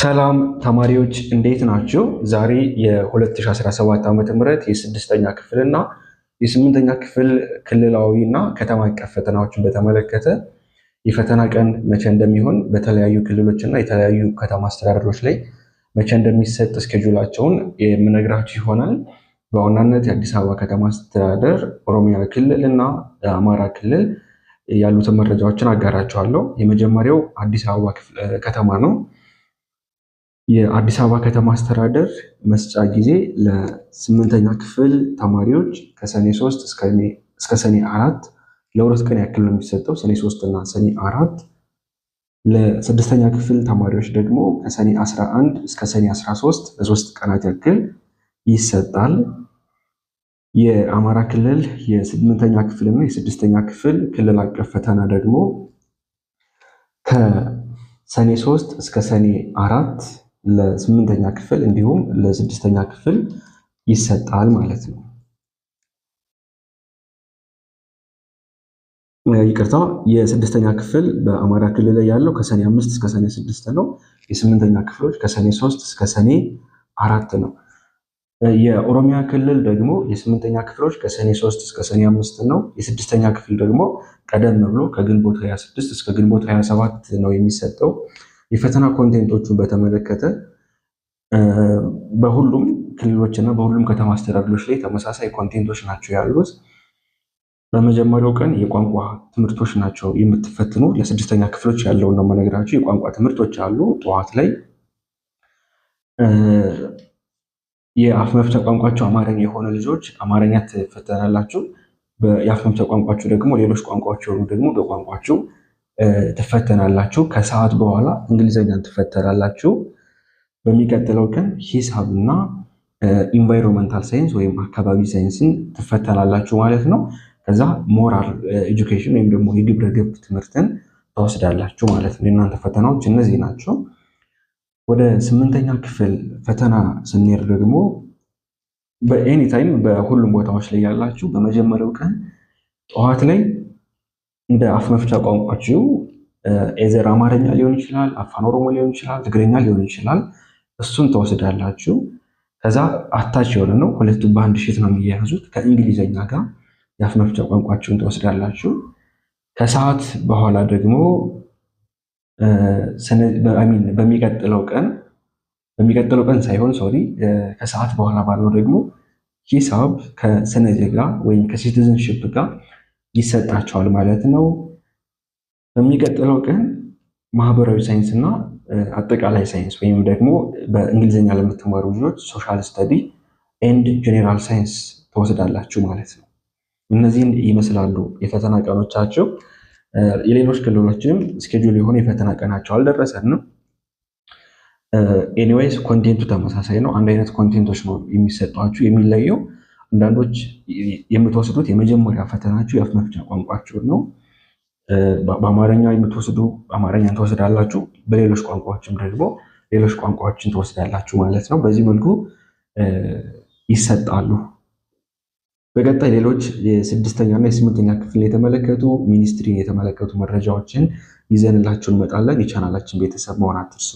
ሰላም ተማሪዎች እንዴት ናችሁ? ዛሬ የ2017 ም የስድስተኛ ክፍልና የስምንተኛ ክፍል ክልላዊ እና ከተማ አቀፍ ፈተናዎችን በተመለከተ የፈተና ቀን መቼ እንደሚሆን በተለያዩ ክልሎች እና የተለያዩ ከተማ አስተዳደሮች ላይ መቼ እንደሚሰጥ እስኬጁላቸውን የምነግራችሁ ይሆናል። በዋናነት የአዲስ አበባ ከተማ አስተዳደር፣ ኦሮሚያ ክልል እና አማራ ክልል ያሉትን መረጃዎችን አጋራችኋለሁ። የመጀመሪያው አዲስ አበባ ከተማ ነው። የአዲስ አበባ ከተማ አስተዳደር መስጫ ጊዜ ለስምንተኛ ክፍል ተማሪዎች ከሰኔ ሶስት እስከ ሰኔ አራት ለሁለት ቀን ያክል ነው የሚሰጠው፣ ሰኔ ሶስት እና ሰኔ አራት ለስድስተኛ ክፍል ተማሪዎች ደግሞ ከሰኔ 11 እስከ ሰኔ 13 ለሶስት ቀናት ያክል ይሰጣል። የአማራ ክልል የስምንተኛ ክፍል እና የስድስተኛ ክፍል ክልል አቀፍ ፈተና ደግሞ ከሰኔ ሶስት እስከ ሰኔ አራት ለስምንተኛ ክፍል እንዲሁም ለስድስተኛ ክፍል ይሰጣል ማለት ነው። ይቅርታ የስድስተኛ ክፍል በአማራ ክልል ላይ ያለው ከሰኔ አምስት እስከ ሰኔ ስድስት ነው። የስምንተኛ ክፍሎች ከሰኔ ሶስት እስከ ሰኔ አራት ነው። የኦሮሚያ ክልል ደግሞ የስምንተኛ ክፍሎች ከሰኔ ሶስት እስከ ሰኔ አምስት ነው። የስድስተኛ ክፍል ደግሞ ቀደም ብሎ ከግንቦት 26 እስከ ግንቦት 27 ነው የሚሰጠው። የፈተና ኮንቴንቶቹን በተመለከተ በሁሉም ክልሎች እና በሁሉም ከተማ አስተዳደሮች ላይ ተመሳሳይ ኮንቴንቶች ናቸው ያሉት። በመጀመሪያው ቀን የቋንቋ ትምህርቶች ናቸው የምትፈትኑ። ለስድስተኛ ክፍሎች ያለውን ነው መነግራቸው። የቋንቋ ትምህርቶች አሉ። ጠዋት ላይ የአፍ መፍቻ ቋንቋቸው አማርኛ የሆነ ልጆች አማርኛ ትፈተናላችሁ። የአፍ መፍቻ ቋንቋቸው ደግሞ ሌሎች ቋንቋዎች የሆኑ ደግሞ በቋንቋቸው ትፈተናላችሁ። ከሰዓት በኋላ እንግሊዘኛን ትፈተናላችሁ። በሚቀጥለው ቀን ሂሳብ እና ኢንቫይሮንመንታል ሳይንስ ወይም አካባቢ ሳይንስን ትፈተናላችሁ ማለት ነው። ከዛ ሞራል ኤጁኬሽን ወይም ደግሞ የግብረ ገብ ትምህርትን ተወስዳላችሁ ማለት ነው። የእናንተ ፈተናዎች እነዚህ ናቸው። ወደ ስምንተኛ ክፍል ፈተና ስንሄድ ደግሞ በኤኒታይም በሁሉም ቦታዎች ላይ ያላችሁ በመጀመሪያው ቀን ጠዋት ላይ እንደ አፍ መፍቻ ቋንቋችሁ ኤዘር አማርኛ ሊሆን ይችላል፣ አፋን ኦሮሞ ሊሆን ይችላል፣ ትግርኛ ሊሆን ይችላል። እሱን ተወስዳላችሁ። ከዛ አታች የሆነ ነው። ሁለቱ በአንድ ሽት ነው የሚያያዙት። ከእንግሊዝኛ ጋር የአፍ መፍቻ ቋንቋችሁን ተወስዳላችሁ። ከሰዓት በኋላ ደግሞ በሚቀጥለው ቀን በሚቀጥለው ቀን ሳይሆን ሶሪ፣ ከሰዓት በኋላ ባለው ደግሞ ሂሳብ ከስነ ዜጋ ወይም ከሲቲዝንሽፕ ጋር ይሰጣቸዋል ማለት ነው። በሚቀጥለው ቀን ማህበራዊ ሳይንስ እና አጠቃላይ ሳይንስ ወይም ደግሞ በእንግሊዝኛ ለምትማሩ ልጆች ሶሻል ስተዲ ኤንድ ጄኔራል ሳይንስ ተወስዳላችሁ ማለት ነው። እነዚህን ይመስላሉ የፈተና ቀኖቻቸው። የሌሎች ክልሎችንም ስኬጁል የሆነ የፈተና ቀናቸው አልደረሰንም። ኤኒዌይስ ኮንቴንቱ ተመሳሳይ ነው። አንድ አይነት ኮንቴንቶች ነው የሚሰጧችሁ የሚለየው አንዳንዶች የምትወስዱት የመጀመሪያ ፈተናችሁ የአፍ መፍቻ ቋንቋችሁን ነው። በአማርኛ የምትወስዱ አማርኛን ትወስዳላችሁ፣ በሌሎች ቋንቋዎችም ደግሞ ሌሎች ቋንቋዎችን ትወስዳላችሁ ማለት ነው። በዚህ መልኩ ይሰጣሉ። በቀጣይ ሌሎች የስድስተኛ እና የስምንተኛ ክፍል የተመለከቱ ሚኒስትሪን የተመለከቱ መረጃዎችን ይዘንላችሁ እንመጣለን። የቻናላችን ቤተሰብ መሆን አትርሱ።